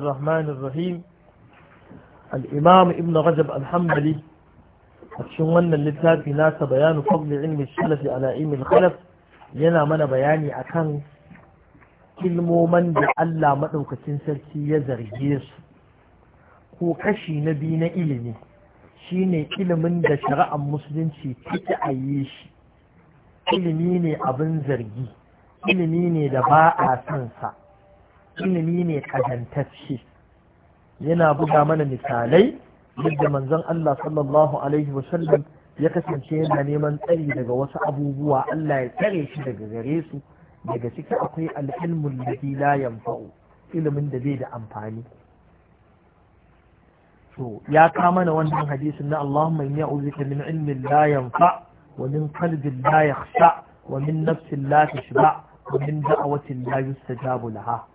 الرحمن الرحيم الإمام ابن رجب الحنبلي أكشون للتاب ناس بيان فضل علم السلف على علم الخلف ينا من بياني أكان كلمومن da Allah maɗaukacin sarki ya zarge su ko kashi na biyu na ilimi shine ilimin da shari'ar musulunci take a yi shi ilimi ne abin zargi ilimi ne da ba a son sa ilimi ne kazantacce yana buga mana misalai yadda manzon Allah sallallahu alaihi wasallam ya kasance yana neman tsari daga wasu abubuwa Allah ya tsare shi daga gare su daga ciki akwai al'ilmul ladhi la yanfa'u ilimin da bai da amfani to ya kama na wannan hadisin na Allahumma inni a'udhuka min ilmin la yanfa wa min qalbin la yakhsha wa min nafsin la tashba wa min da'watin la yustajabu laha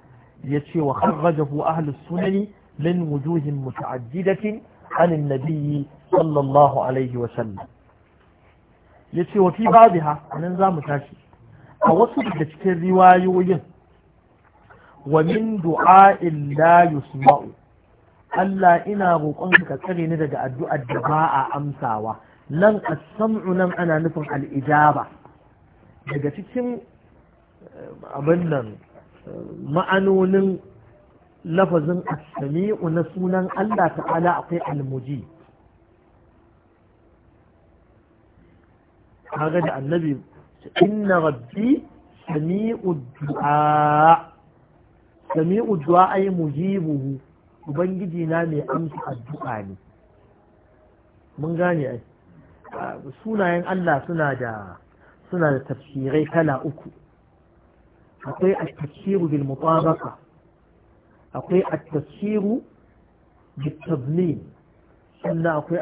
yace wa kharrajahu ahlus sunani min wujuhin muta'addidatin عن النبي صلى الله عليه وسلم yace wa fi babiha nan zamu tashi a wasu daga cikin riwayoyin wa min du'a'in la yusma'u Allah ina roƙon ka tsare ni daga addu'ar da ba a amsawa nan as-sam'u nan ana nufin al-ijaba daga cikin abin nan ma'anonin lafazin as-sami'u na sunan Allah ta'ala akwai al-muji kaga da annabi inna rabbi sami'u du'a sami'u du'a ay mujibuhu ubangiji na mai amsa addu'a ne mun gane ai sunayen Allah suna da suna da tafsirai kala uku akwai التفسير بالمطابقة bil التفسير akwai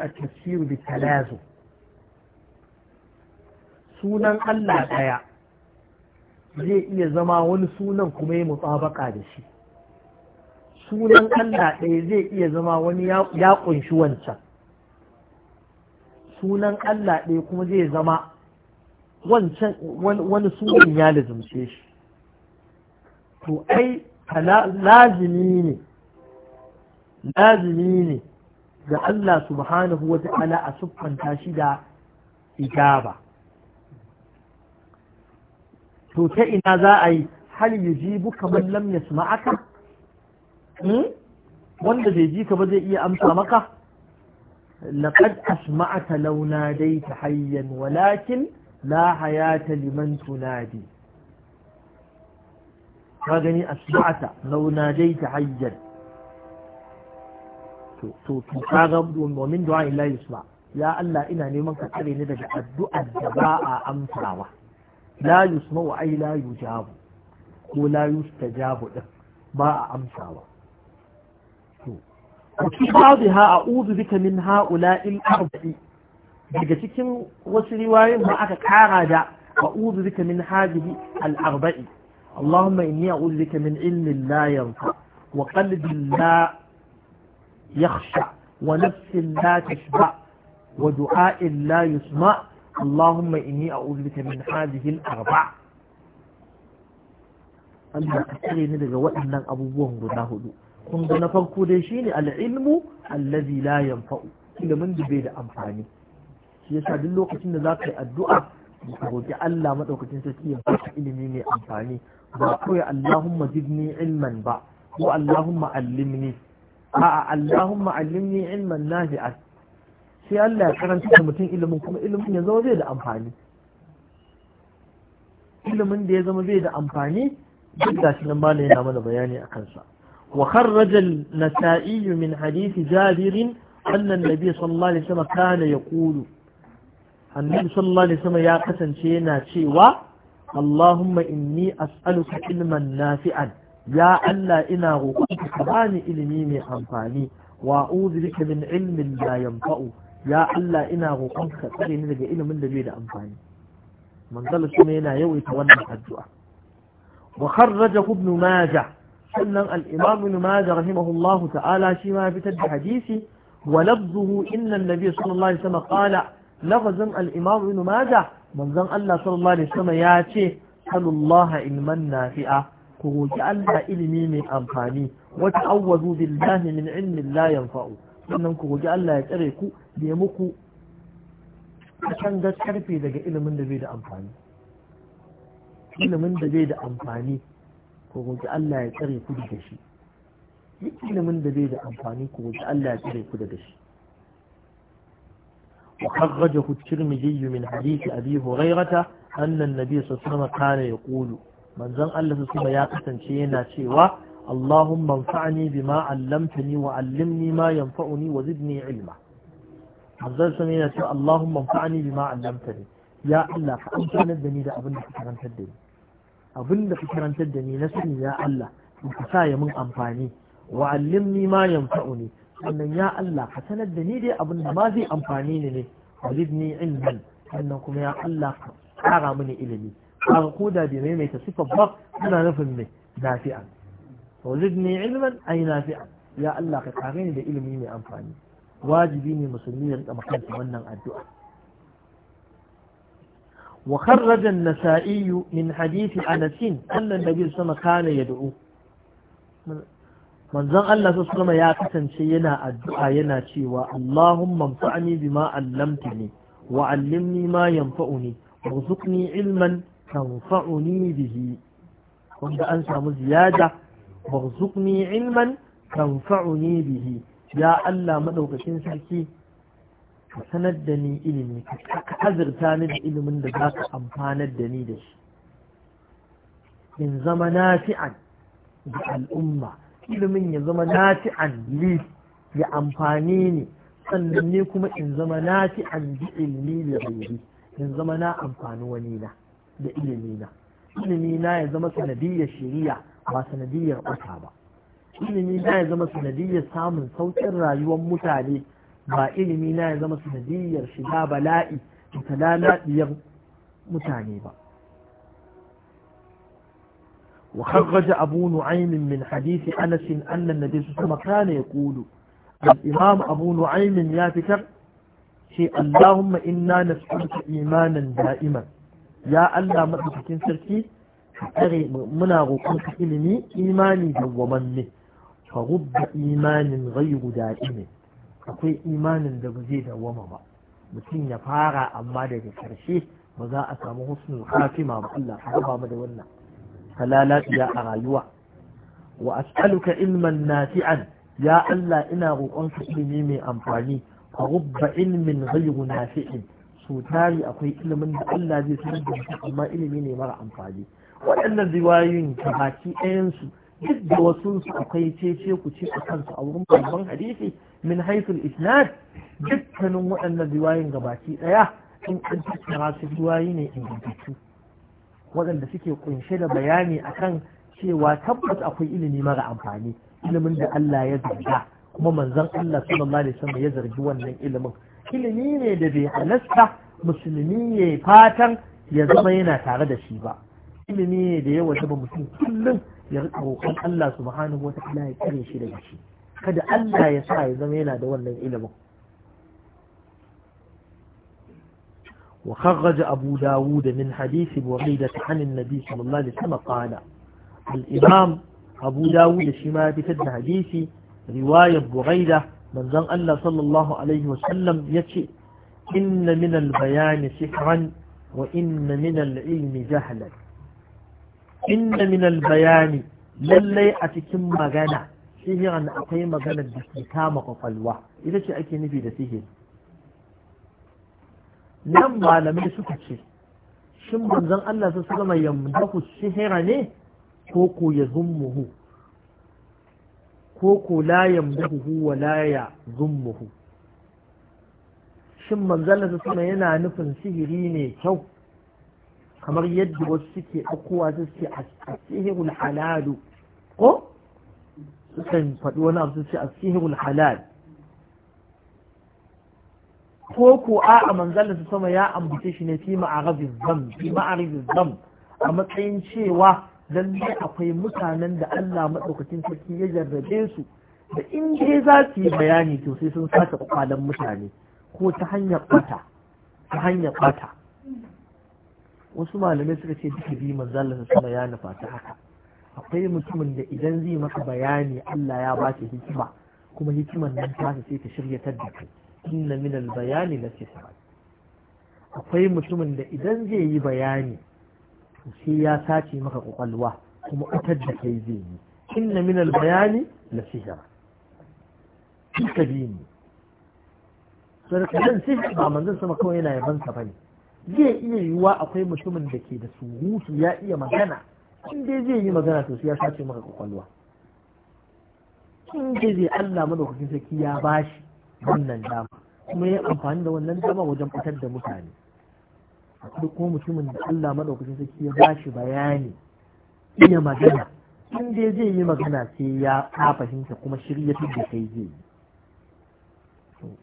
at-tafsiru التفسير بالتلازم sannan akwai at زي sunan Allah daya zai iya zama wani sunan kuma ya mutabaka da shi sunan Allah ɗaya zai ya ƙunshi sunan Allah ɗaya kuma zai zama wani sunan ya lazumce shi to ai lazimi ne lazimi ne ga Allah subhanahu wa ta'ala a siffanta shi da ijaba to ta ina za a yi hal yujibu kamar lam yasma'aka hmm? wanda bai ji ka ba zai iya amsa maka laqad asma'aka dai ta hayyan walakin la hayata liman tunadi ka gani asba'ata law najayta hayyan to to ka ga domin du'a illahi yusma ya Allah ina neman ka tsare ni daga addu'ar da ba a amsawa la yusma wa ai la yujabu ko la yustajabu din ba a amsawa to ki ba'dha a'udhu bika min ha'ula'il arba'i daga cikin wasu riwayoyin ma aka kara da a'udhu bika min hadhihi al-arba'i اللهم إني أعوذ بك من علم لا ينفع وقلب لا يخشع ونفس لا تشبع ودعاء لا يسمع اللهم إني أعوذ بك من هذه الأربع Allah ka tsare ni daga waɗannan abubuwan guda hudu kun ga na farko dai shine al-ilmu allazi la yanfa'u ilimin da da amfani shi yasa duk lokacin da za ka yi addu'a ka roki Allah maɗaukacin sarki ya baka ilimi mai amfani ba kawai Allahumma zidni ilman ba ko Allahumma allimni a'a Allahumma allimni ilman nafi'an sai Allah ya karanta da mutum ilimin kuma ilimin ya zama bai da amfani ilimin da ya zama bai da amfani duk da shi nan malam yana mana bayani a kansa wa kharraja an-nasa'i min hadith Jabir anna an-nabi sallallahu alaihi wasallam kana yaqulu annabi sallallahu alaihi wasallam ya kasance yana cewa Allahumma inni as'aluka ilman nafi'an ya Allah ina roƙonka ka bani ilimi mai amfani wa a'udhu bika min ilmin la yanfa'u ya Allah ina roƙonka ka tsare ni daga ilimin da bai da amfani manzala kuma yana yawaita wannan addu'a wa kharraja ibn majah sannan al-imam ibn majah rahimahullahu ta'ala shi ma fitar da hadisi wa lafzuhu inna an-nabiy sallallahu alaihi wasallam qala lafzan al-imam ibn majah manzon Allah sallallahu alaihi wasallam ya ce salullaha ilman nafi'a ku roki Allah ilimi mai amfani wa ta'awwazu billahi min ilmin la yanfa'u sannan ku roki Allah ya tsare ku da muku kan da karfe daga ilimin da bai da amfani ilimin da bai da amfani ku roki Allah ya tsare ku daga shi ilimin da bai da amfani ku roki Allah ya tsare ku daga shi وخرجه الترمذي من حديث أبي هريرة أن النبي صلى الله عليه وسلم كان يقول من زن الله سبحانه يا قسن شينا شيوا اللهم انفعني بما علمتني وعلمني ما ينفعني وزدني علما من زن سنة شيوا اللهم انفعني بما علمتني يا الله فأنتنا الدني ده أبن فكران تدني أبن فكران تدني نسني يا الله انتسايا من أنفاني وعلمني ما ينفعني sannan ya Allah ka sanar da ni dai abin da ma zai amfani ni ne ni ilmin sannan kuma ya Allah ka mini ilimi kaga ko da bai maimaita sifar ba ana nufin mai nafi'an ni ilmin ai nafi'an ya Allah ka kare ni da ilimi mai amfani wajibi ne musulmi ya rika makanta wannan addu'a wa kharraja an-nasa'i min hadisi Anas anna an-nabi sallallahu alaihi wasallam kana yad'u manzon Allah su ya kasance yana addu'a yana cewa Allahumma mfa'ani bima allamtani wa allimni ma yanfa'uni warzuqni ilman tanfa'uni bihi wanda an samu ziyada warzuqni ilman tanfa'uni bihi ya Allah madaukakin sarki ka sanar da ni ilimi ka azurta ni da ilimin da za ka amfanar da ni da shi in zama nafi'an da al'umma ilimin ya zama naci li ya amfani ni sannan ne kuma in zama naci an bi ilmi da bayani in zama na amfani wani na da ilimi na ilimi na ya zama sanadiyar shari'a ba sanadiyar ƙasa ba ilimi na ya zama sanadiyar samun saukin rayuwar mutane ba ilimi na ya zama sanadiyar shiga bala'i da talalaɗiyar mutane ba وخرج أبو نعيم من حديث أنس أن النبي صلى الله عليه وسلم كان يقول الإمام أبو نعيم يا فكر شيء اللهم إنا نسألك إيمانا دائما يا الله مدفكين سركي منا غقوك إلمي إيماني دومني فرب إيمان غير دائم أقول إيمان دبزي دومما mutum ya fara amma daga karshe ba za a samu husnul khatima ba Allah ka raba mu da wannan kalalatiya lalaciya a rayuwa wa as'aluka ilman nafi'an ya Allah ina roƙonka ilimi mai amfani fa rubba ilmin ghayru nafi'in so tari akwai ilimin da Allah zai sanar da mutum amma ilimi ne mara amfani waɗannan riwayoyin ta baki ɗayansu duk da wasu su akwai cece ku ce a kansu a wurin babban hadisi min haithul isnad dukkanin waɗannan riwayoyin gabaci ɗaya in an tattara su riwayi ne ingantattu waɗanda suke kunshe da bayani akan cewa tabbas akwai ilimi mara amfani ilimin da Allah ya zarga kuma manzon Allah sallallahu alaihi wasallam ya zargi wannan ilimin ilimi ne da bai halasta musulmi ya fatan ya zama yana tare da shi ba ilimi ne da ya wajaba mutum kullum ya rika roƙon Allah subhanahu wa ta'ala ya kare shi daga shi kada Allah ya sa ya zama yana da wannan ilimin وخرج أبو داود من حديث بريدة عن النبي صلى الله عليه وسلم قال الإمام أبو داود شما بفدن حديثي رواية بريدة من ذن الله صلى الله عليه وسلم يتشئ إن من البيان سحرا وإن من العلم جهلا إن من البيان للي أتكم مغانا سحرا أقيم مغانا بسكام قفلوة إذا شئ أكي نفيد سحر nan malamai suka ce shin manzon Allah su sallama yamdahu sihira ne ko ko ya zummuhu ko ko la yamdahu wa la ya zummuhu shin manzon Allah su yana nufin sihiri ne kyau kamar yadda wasu suke ɗaukowa su suke a sihirul halalu ko sukan faɗi wani abu su ce a sihirul halal ko ko a Manzalin su sama ya ambace shi ne fi ma'arabin zam fi zam a matsayin cewa lallai akwai mutanen da Allah maɗaukacin sarki ya jarrabe su da in dai za su yi bayani to sai sun sace kwalan mutane ko ta hanyar bata ta hanyar bata wasu malamai suka ce duka bi manzalin su sama ya nufa ta haka akwai mutumin da idan zai maka bayani Allah ya ba shi hikima kuma hikiman nan ta sai ta shiryatar da kai inna min bayani na akwai mutumin da idan zai yi bayani sai ya sace maka kwakwalwa kuma utar da kai zai yi inna min al-bayani na sihra duka biyu ne sarka sihir ba manzon sama kawai yana yaban sa bane zai iya yiwuwa akwai mutumin da ke da surutu ya iya magana in dai zai yi magana to sai ya sace maka kwakwalwa in dai zai Allah madaukakin sarki ya bashi wannan dama kuma ya amfani da wannan dama wajen fitar da mutane duk kuma mutumin da Allah madaukakin sarki ya bashi bayani iya magana in dai zai yi magana sai ya ka fahimta kuma shirya da kai zai yi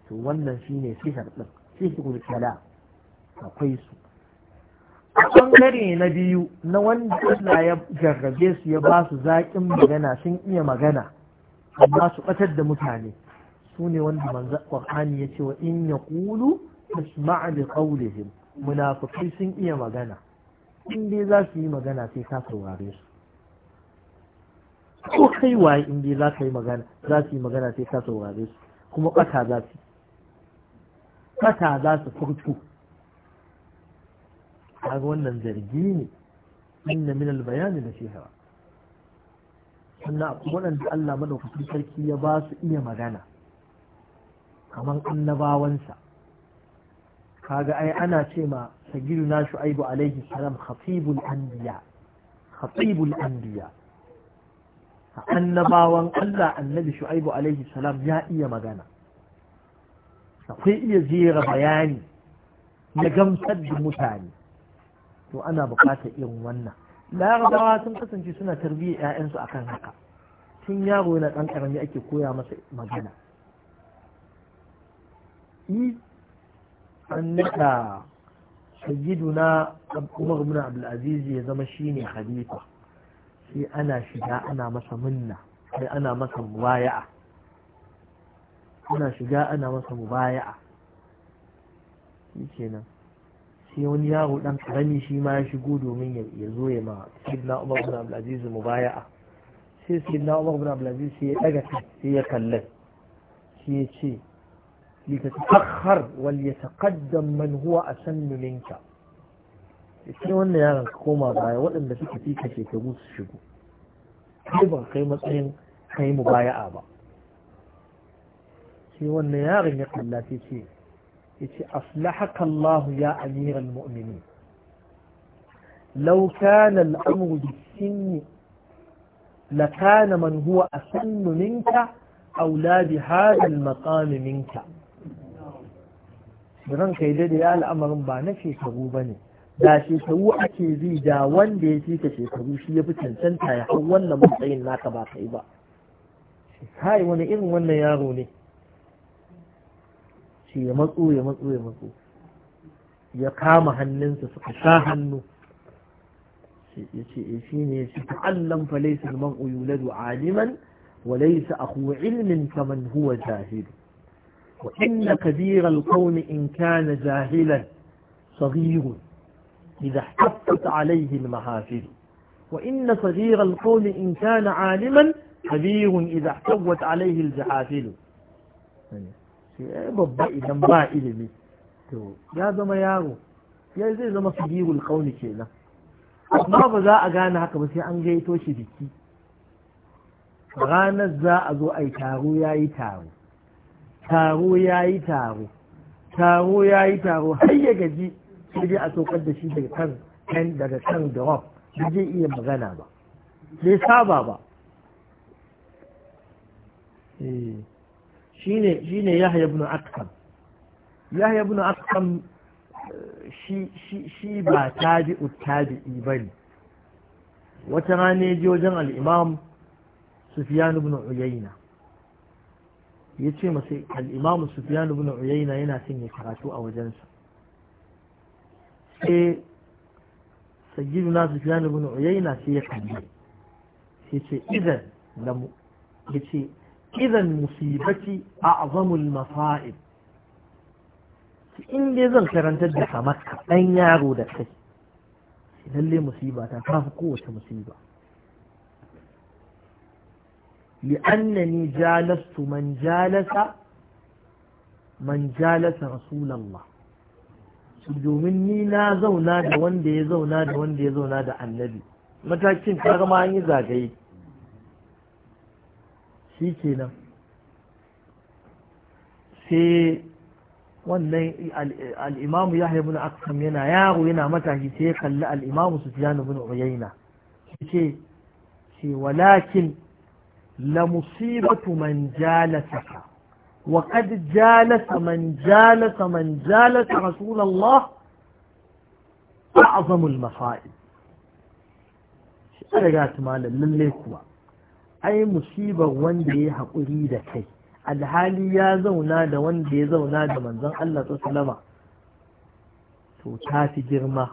to wannan shine sihir din sihirul kala akwai su a ɓangare na biyu na wanda Allah ya jarrabe su ya ba su zaƙin magana sun iya magana amma su ɓatar da mutane su ne wanda manzan qur'ani ya ce wa in yaqulu tasma' li qawlihim munafukai sun iya magana in dai za su yi magana sai ka saurare su ko kai waye in dai za ka yi magana za su yi magana sai ka saurare su kuma ƙata za su ƙata za su furto kaga wannan zargi ne inna min al-bayani da shehara sannan waɗanda Allah madaukakin sarki ya ba su iya magana kamar annabawansa kaga ai ana ce ma sagiru na shu'aibu alaihi salam khatibul anbiya khatibul anbiya annabawan Allah annabi shu'aibu alaihi salam ya iya magana akwai iya jera bayani na gamsar da mutane to ana bukatar irin wannan larabawa sun kasance suna tarbiyyar 'ya'yansu akan haka tun yaro yana ɗan ƙarami ake koya masa magana i an naɗa sayyiduna umar ibn abdulaziz ya zama shine khalifa sai ana shiga ana masa minna sai ana masa mubaya'a ana shiga ana masa mubaya'a kenan sai wani yaro dan karami shi ma ya shigo domin ya zo ya ma sayyidina umar ibn abdulaziz mubaya'a sai sayyidina umar ibn abdulaziz sai ya daga sai ya kalle sai ya ce لتتأخر وليتقدم من هو أسن منك sai wannan yaron ka koma baya waɗanda suka fi ka shekaru su shigo kai ba kai matsayin kai mu baya a ba sai wannan yaron ya kalla sai ce ya ce aslahaka Allah ya amiral mu'mini law kana al-amru bis-sinni la kana man huwa asannu minka aw la bi hadha al-maqam minka ran kai da ya al'amarin ba na shekaru ba ne da shekaru ake bi da wanda ya cika shekaru shi ya fi cancanta ya hau wannan matsayin naka ba kai ba kai wani irin wannan yaro ne shi ya matso ya matso ya matso ya kama hannunsa suka sha hannu ya ce eh, shi ne shi ta fa laysa al na aliman wa a kuwa ilmin ta huwa jahilu وإن كبير القوم إن كان جاهلا صغير إذا احتفت عليه المحافل وإن صغير القوم إن كان عالما كبير إذا احتوت عليه الجحافل يعني بابا إذا يا زما يا زي زما صغير الكون كينا ما بزا أغانا حقا بس يا أنجيتو شبكي غانا زا أزو أي تارو يا أي تارو taro ya yi taro taro ya yi taro har ya gaji sai dai a saukar da shi daga kan kan daga kan drop ba zai iya magana ba bai saba ba eh. shine shine Yahya ibn Akam Yahya ibn Akam eh, shi shi shi ba tabi'u tabi'i bane wata rana ya ji wajen al-Imam Sufyan ibn Uyayna ya ce masa al'imamu sufiyan ibn uyayna yana son ya karatu a wajensa sai Sajidu na sufiyan ibn uyayna sai ya kalli sai ce idan mu ya ce idan musibati a'zamul masa'ib in dai zan karantar da kamar kaɗan yaro da kai lalle musiba ta fi kowace musiba li'annani jalastu man jalasa man jalasa rasulallah domin ni na zauna da wanda ya zauna da wanda ya zauna da annabi matakin kaga ma an yi zagaye shi kenan sai wannan al'imamu ya haibu na aksam yana yaro yana mataki sai ya kalli al'imamu su fiya na bin ce ce walakin لمصيبة من جالسك وقد جالس من جالس من جالس رسول الله أعظم المصائب شرقات مالا لليكوا أي مصيبة وندي حقوري دكي alhali ya zauna da wanda ya zauna da manzon Allah sallama to ta fi girma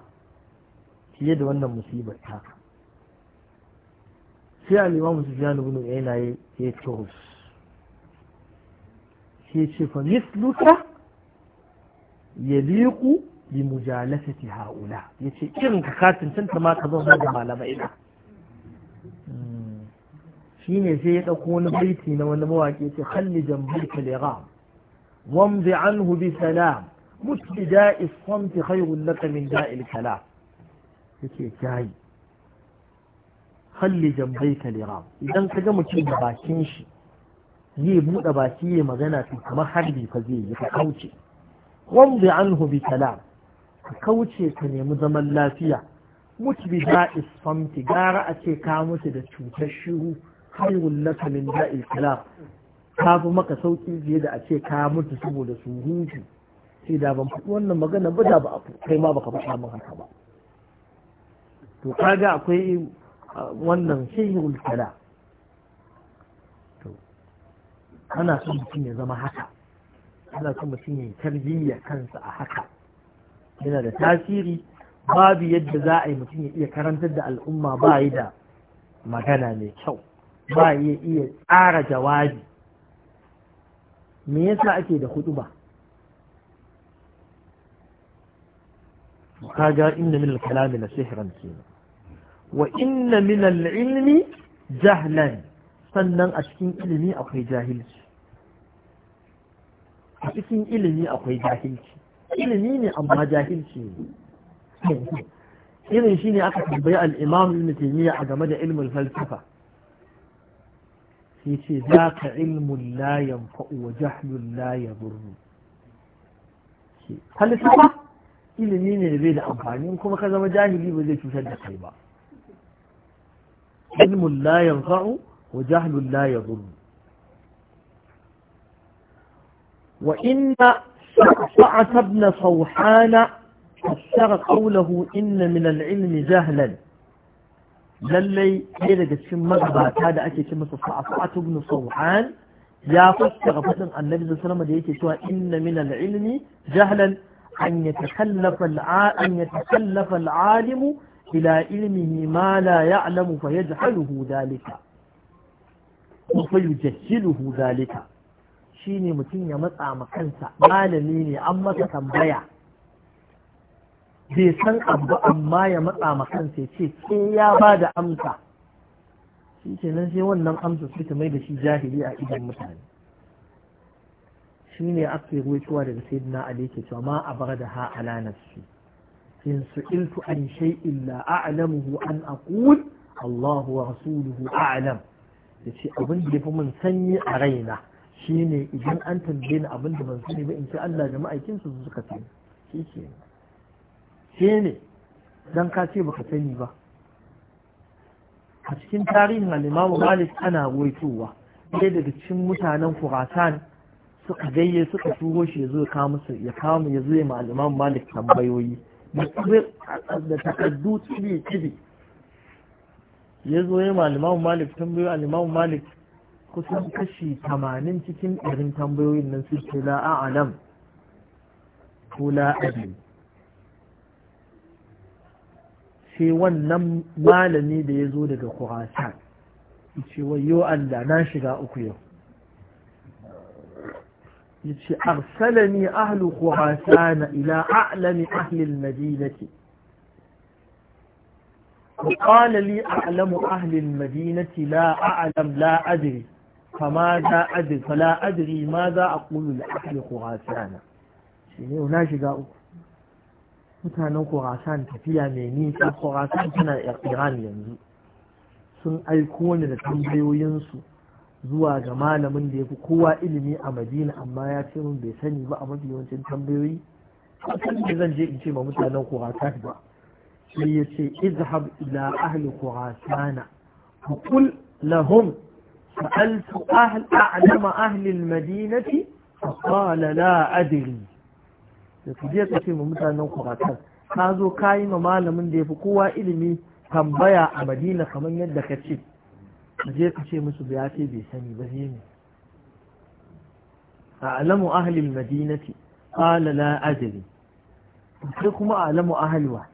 fiye da wannan musibar taka sai al'imamu su jani bin yana ya turus sai ce fa misluka ya liku bi ti haula ya ce irin ka katin ta maka ka zauna da malamai ina hmm. shi ne sai ya ɗauko wani baiti na wani mawaƙi ce halli jambar kalira wamzi an hubi salam mutu da'i samti khairun laka min da'il kala. ya yake jayi halli jambai ka lira idan ka ga mutum da bakin shi zai buɗe baki ya magana to kamar harbi ka zai yi ka kauce wanda an bi kalam ka kauce ka nemi zaman lafiya mutu bi da'is famti gara a ce ka mutu da cutar shiru khairul laka min da'il kalam ka fi maka sauki fiye da a ce ka mutu saboda surutu sai da ban faɗi wannan magana ba da ba a kai ma baka fi samun haka ba to kaga akwai wannan sihirul kala ana son mutum ya zama haka ana son mutum ya tarbiyya kansa a haka yana da tasiri babu yadda za a yi mutum ya iya karantar da al'umma ba yi da magana mai kyau ba yi iya tsara jawabi me yasa ake da hudu ba ga inda min al-kalami la sihran kenan wa inna min ilmi jahlan sannan a cikin ilimi akwai jahilci a cikin ilimi akwai jahilci ilimi ne amma jahilci ne irin shine aka tambayi al-imam ibn a game da ilmin falsafa sai ce zaka ilmun la yanfa'u wa jahlun la yadurru falsafa ilimi ne da bai da amfani kuma ka zama jahili ba zai cutar da kai ba علم لا ينفع وجهل لا يضر وإن صعصعه بن صوحان فسر قوله إن من العلم جهلا للي إلى جسم مغبا هذا أكي كما صعصعه بن صوحان يفسر فتن النبي صلى الله عليه وسلم ديكي سوى إن من العلم جهلا أن يتكلف العالم إلى علمه ما لا يعلم فيجهله ذلك فيجهله ذلك shine mutum ya matsa ma kansa malami ne an masa tambaya bai san abu amma ya matsa ma kansa ya ce sai ya ba da amsa shi ke nan sai wannan amsa suka mai da shi jahili a idan mutane shi ne ake yi daga sayyidina ali ke cewa ma a bar da ha ala nafsi in su'iltu an shay'in la a'lamuhu an aqul Allahu wa rasuluhu a'lam yace abin da yafi mun sanyi a raina shine idan an tambaye ni abin da ban sani ba in ce Allah da ma'aikin su suka sani shi ke dan ka ce baka sani ba a cikin tarihin al-Imam Malik ana waitowa sai daga cikin mutanen Khurasan suka gayye suka turo shi ya zo ya kawo ya kawo mu ya zo ya ma al-Imam Malik tambayoyi da takaddu cibi cibi ya zo ya ma limamu malik tambayo a limamu malik kusan kashi tamanin cikin ɗarin tambayoyin nan su ce la a'alam ko la adil sai wannan malami da ya zo daga kurasa ce wayo Allah na shiga uku yau أرسلني أهل خراسان إلى أعلم أهل المدينة وقال لي أعلم أهل المدينة لا أعلم لا أدري فماذا أدري فلا أدري ماذا أقول لأهل خراسان شيني وناشي قاو متانو خراسان تفيا ميني خراسان تنا إيران ينزو سن أيكون لتنبيو ينسو zuwa ga malamin da ya fi kowa ilimi a madina amma ya ce min bai sani ba a mafi yawancin tambayoyi kan da zan je in ce ma mutanen khurasan ba sai ya ce izhab ila ahli khurasana fa lahum sa'altu ahl a'lama ahli madinati fa qala la adri da ku je ka ce ma mutanen khurasan ka zo ka yi ma malamin da ya fi kowa ilimi tambaya a madina kamar yadda ka ce je ka ce musu ya ce bai sani ba zai ne a alamu ahalin madinati qala la ajri sai kuma a alamu Ahaliwa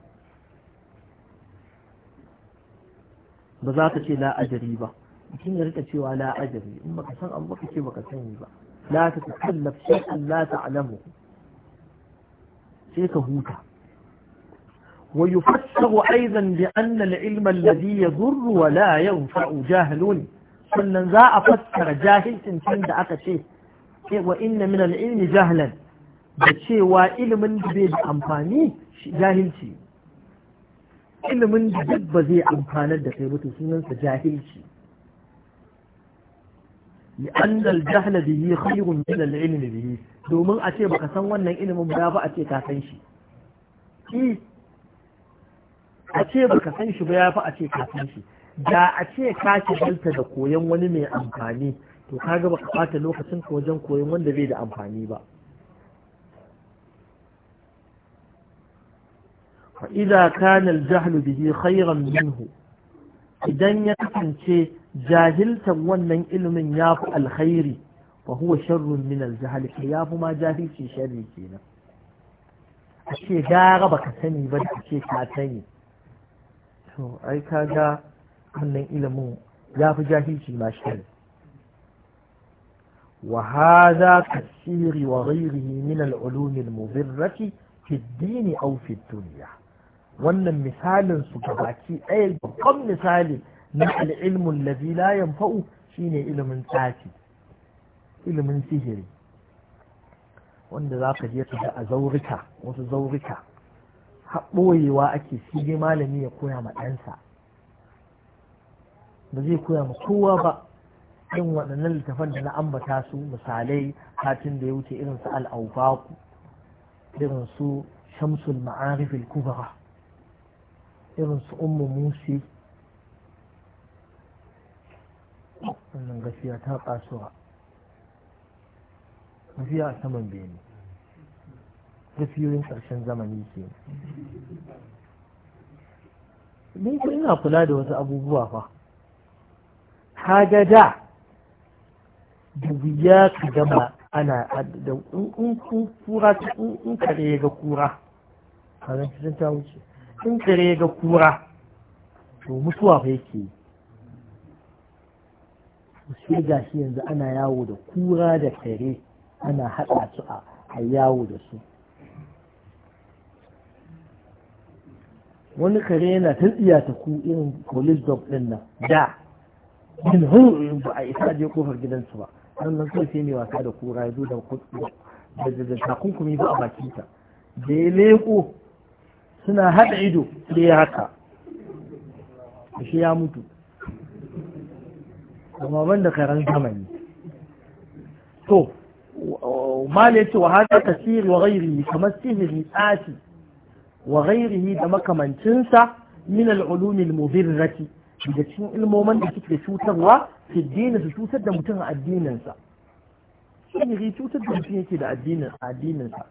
ba za ka ce la ajri ba mutum ya rika cewa la ajri in baka san abu ka ce baka sani ba la ta takallaf shay'an la alamu. sai ka huta ويفسر أيضا بأن العلم الذي يضر ولا ينفع جاهل sannan za a fassara jahilcin can da aka ce wa inna min al-ilmi jahlan da cewa ilimin da bai da jahilci ilimin ba zai da kai sunansa jahilci لأن الجهل به خير من العلم به domin a ce baka san wannan ilimin ba ba a ce ka san shi a ce baka san shi ba ya fi a ce ka san shi da a ce ka dalta da koyon wani mai amfani to kaga baka ɓata lokacin ka wajen koyon wanda bai da amfani ba fa idza kana al-jahl bihi khayran minhu idan ya kasance jahiltan wannan ilimin ya fi alkhairi fa huwa sharrun min al-jahl ya fi ma jahilci sharri kenan a ce gara baka sani ba da ce ka sani to ai ka ga wannan ilimin ya fi jahilci ma shi وهذا كالسير وغيره من العلوم المضرة في الدين أو في الدنيا wannan misalin su baki ɗaya babban misali na al'ilmun lazi la yanfa'u shine ilimin tsafi ilimin sihiri wanda za ka je ka ga a zaurika wasu zaurika haɓoyewa ake shi dai malami ya koya ma ɗansa ba zai koya ma kowa ba yin waɗannan littafan da na ambata su misalai hatin da ya wuce irin su al'aubaku irin su shamsul ma'arifil kubra irin su ummu musi wannan gaskiya ta kasuwa gaskiya a saman bene tafiyoyin ƙarshen zamani ke ni ko ina kula da wasu abubuwa fa Haga da da ka gama ana da kura in kare ga kura kazan cikin ta wuce in kare ga kura to mutuwa fa yake sai ga shi yanzu ana yawo da kura da kare ana haɗa su a yawo da su wani kare yana ta tsiya ta ku irin police dog din nan da in in ba a isa je kofar gidansu ba nan kai sai mai wasa da kura ya zo da da takunkumi ba a bakinta da ya leko suna haɗa ido sai ya haka shi ya mutu amma ban da karen zamani to ma ne ce wa haka tasiri wa gairi kamar sihiri tsafi wa ghairihi da makamancinsa min al-ulum al-mudirrati cikin ilmomin da suke cutarwa fi dini su cutar da mutum a addininsa sihiri cutar da mutum yake da addinin addininsa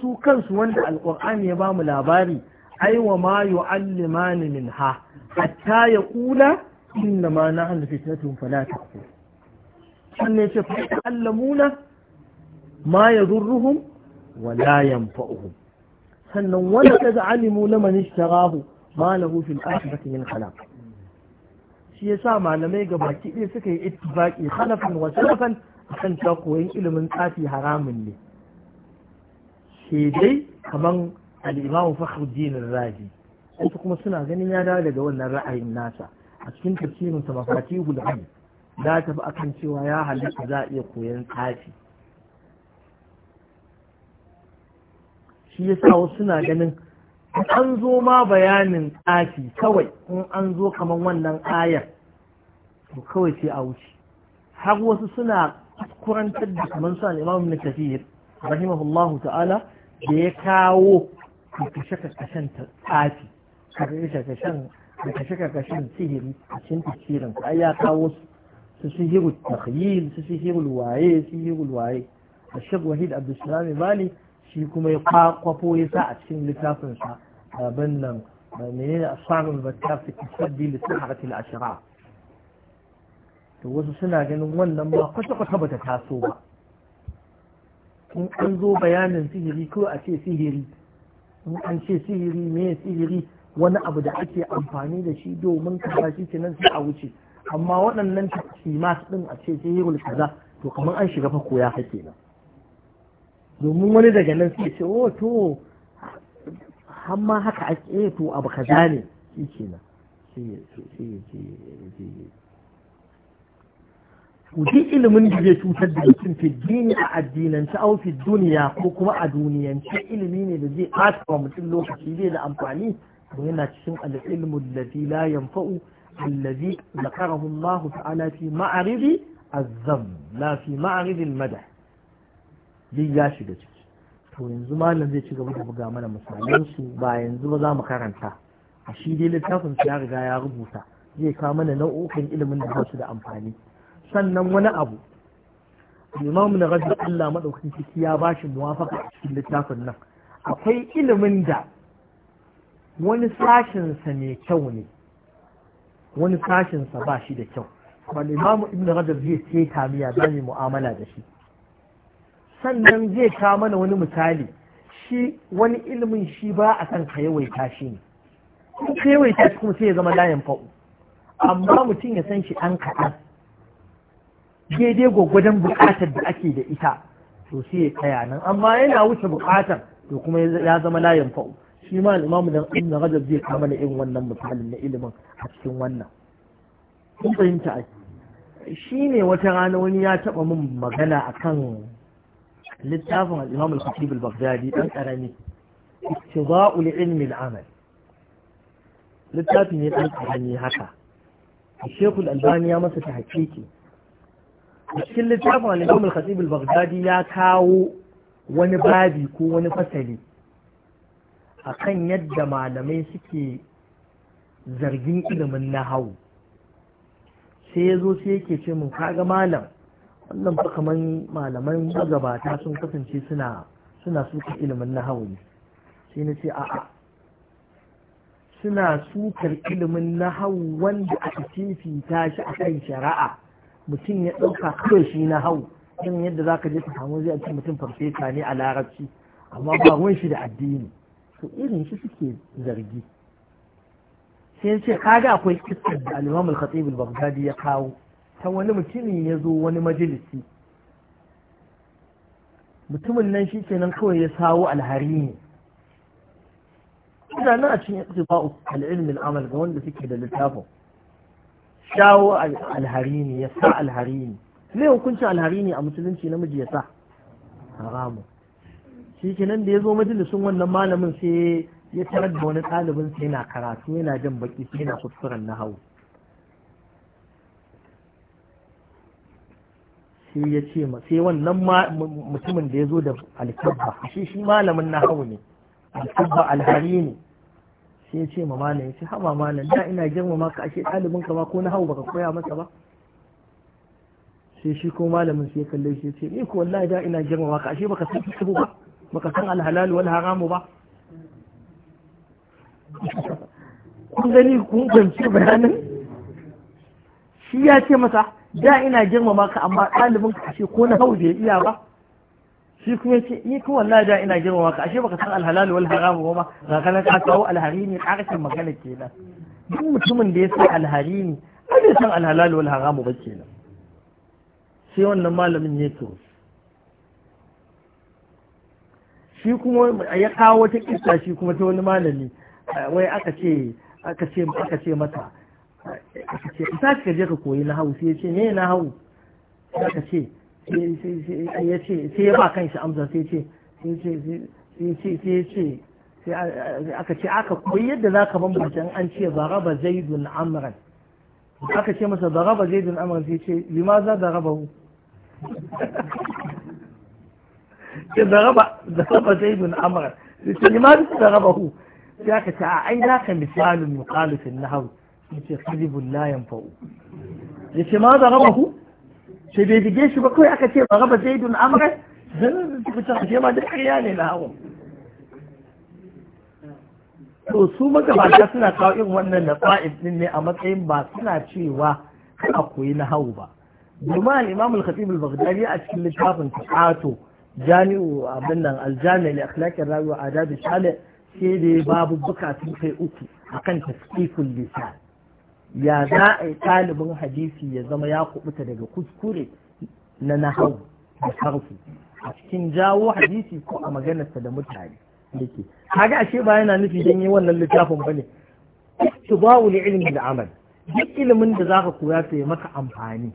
su kansu wanda alqur'ani ya bamu labari ai wa ma yu'allimani minha hatta yaqula inna ma nahnu fitnatun fala taqul sannan ya ce fa ta'allamuna ma yadurruhum wa la yanfa'uhum sannan wanda kaga alimu na ishtarahu Malam lahu fil akhirati yin khalaq shi yasa malamai ga baki ɗaya suka yi ittifaƙi khalafan wa salafan akan cewa koyon ilimin tsafi haramun ne sai dai kaman al-imamu fakhruddin wasu kuma suna ganin ya dawo daga wannan ra'ayin nasa a cikin tafsirin sa mafatihul hayy da tafi akan cewa ya halitta za a iya koyon tsafi shi yasa wasu suna ganin an zo ma bayanin tsafi kawai in an zo kamar wannan ayar to kawai sai a wuce har wasu suna kurantar da kamar su al'imam na kafir rahimahullahu ta'ala da ya kawo kakashe-kakashen tsafi kashe kashen sihiri a cikin tafsirin ai ya kawo su sihiru takhyil su sihiru waye sihiru waye a shagwahid wahid abdulsalami bali shi kuma ya kwakwafo ya sa a cikin littafinsa abin nan menene asamun battar fi tasabbi li a al ashira? to wasu suna ganin wannan ba kwata kwata bata taso ba in an zo bayanin sihiri ko a ce sihiri in an ce sihiri me sihiri wani abu da ake amfani da shi domin kaza shi nan sai a wuce amma waɗannan tafsimat ɗin a ce sihirul kaza to kamar an shiga fa koya kake nan domin wani daga nan sai ce oh, to hamma haka ake eh to abu kaza ne shi kenan sai duk ilimin da zai cutar da mutum fi dini a addinance au fi duniya ko kuma a duniyance ilimi ne da zai ɓata wa mutum lokaci zai da amfani to yana cikin al'ilmu allazi la yanfa'u allazi zakarahu Allah ta'ala fi ma'aridi azzam la fi ma'aridi madah duk ya shiga ciki to yanzu malam zai ci gaba da buga mana misalan su ba yanzu ba za mu karanta a shi dai littafin su ya riga ya rubuta zai kawo mana nau'ukan ilimin da ba su da amfani sannan wani abu imamu na rabbi Allah madaukakin ciki ya bashi muwafaka a cikin littafin nan akwai ilimin da wani sashensa ne kyau ne wani sashensa ba shi da kyau wani imamu ibn rajab zai ce miya za mu mu'amala da shi sannan zai ka mana wani misali shi wani ilimin shi ba a san ka yawaita shi ne Kuma ka yawaita shi kuma sai ya zama layin fa'u amma mutum ya san shi ɗan kaɗan daidai gwagwadon buƙatar da ake da ita to sai ya kaya nan amma yana wuce buƙatar to kuma ya zama layin fa'u shi ma al'imamu da ibn rajab zai kama da irin wannan misalin na ilimin a cikin wannan kun fahimta shi ne wata rana wani ya taɓa min magana akan littafin al-imam al-khatib al-baghdadi dan karami ittiba'u li ilmi al-amal littafi ne dan karami haka Sheikh albani ya masa ta hakiki cikin littafin al-imam al-khatib al-baghdadi ya kawo wani babi ko wani fasali A kan yadda malamai suke zargin ilimin nahawu sai ya zo sai yake ce mun kaga malam wannan ba kamar malaman gabata sun kasance suna sukar suka ilimin nahawu ne sai na ce a'a suna sukar ilimin na hau wanda aka fifita shi a kan shari'a mutum ya ɗauka kawai shi na hau. irin yadda za ka je ta samu zai ake mutum farfesa ne a larabci amma ba ruwan shi da addini to irin shi suke zargi sai ce kaga akwai kitab da alimamul khatibul ya kawo ta wani mutumin ya zo wani majalisi mutumin nan shi kenan kawai ya sawo alhari ne ina nan a cikin ittiba'u al al'ilmin amal ga wanda suke da littafin shawo alhari ne ya sa alhari ne me hukuncin alhari ne a musulunci namiji ya sa haramu shi kenan da ya zo majalisin wannan malamin sai ya tarar da wani ɗalibin sai yana karatu yana jan baki sai yana kuskuren na hau sai ya ce ma sai wannan mutumin da ya zo da alkabba shi shi malamin na hau ne alkabba alhari ne sai ya ce ma malam ya ce haba malam da ina girmama ka ashe ɗalibin ka ma ko na hau baka koya masa ba sai shi ko malamin sai ya kalle shi ya ce ni eh ko wallahi da ina girmama ka ashe baka san kitabu ba baka san alhalal wal haramu ba kun gani kun fahimci bayanin shi ya ce masa da ina girmama ka amma ɗalibin ka ashe ko na hau bai iya ba shi kuma ce ni kuma wallahi da ina girmama ka ashe baka san alhalal wal haram ba ma ga kana ka kawo alharimi karshen magana kenan duk mutumin da ya san alharimi ai bai san alhalal wal haram ba kenan sai wannan malamin ya to shi kuma ya kawo wata kissa shi kuma ta wani malami wai aka ce aka ce aka ce mata aka ce isa ka je ka koyi na hau sai ya ce ne na hau aka ce sai ya ba kanshi amsa sai ce sai ce aka ce aka koyi yadda za ka bambanta an ce zaraba zaidun amran aka ce masa zaraba zaidun amran sai ce lima za zaraba hu ce zaraba zaraba zaidun amran sai ce lima za zaraba hu sai aka ce a ai naka misalin yuqalu fil nahwi yace kadibul la yanfa'u yace ma da rabahu sai bai dige shi ba kawai aka ce ba raba zaidun amra dan fita ce ma da kariya ne na hawo to su magabata suna kawo irin wannan na fa'id din ne a matsayin ba suna cewa kana koyi na hawo ba domin al-imam al-khatib al-baghdadi a cikin littafin ta'ato jami'u abin nan al-jami' li akhlaqi rawi wa adab al-shalih sai dai babu bukatun kai uku akan tasqiful lisan ya za a yi ɗalibin hadisi ya zama ya kubuta daga kuskure na nahau da harfi a cikin jawo hadisi ko a maganarsa da mutane yake kaga ashe ba yana nufi dan yi wannan littafin bane tibawul ilmi da amal duk ilimin da zaka koya sai maka amfani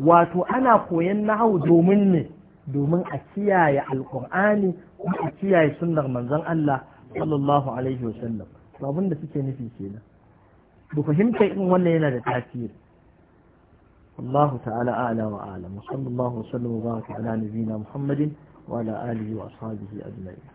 wato ana koyan nahau domin ne domin a kiyaye alqur'ani ko a kiyaye sunnar manzon Allah sallallahu alaihi wasallam abin da suke nufi kenan bu fahimtar in wannan yana da tasiri Allahu ta'ala ala wa ala musallallahu sallallahu wa baraka ala nabiyyina muhammadin wa ala alihi wa ashabihi ajma'in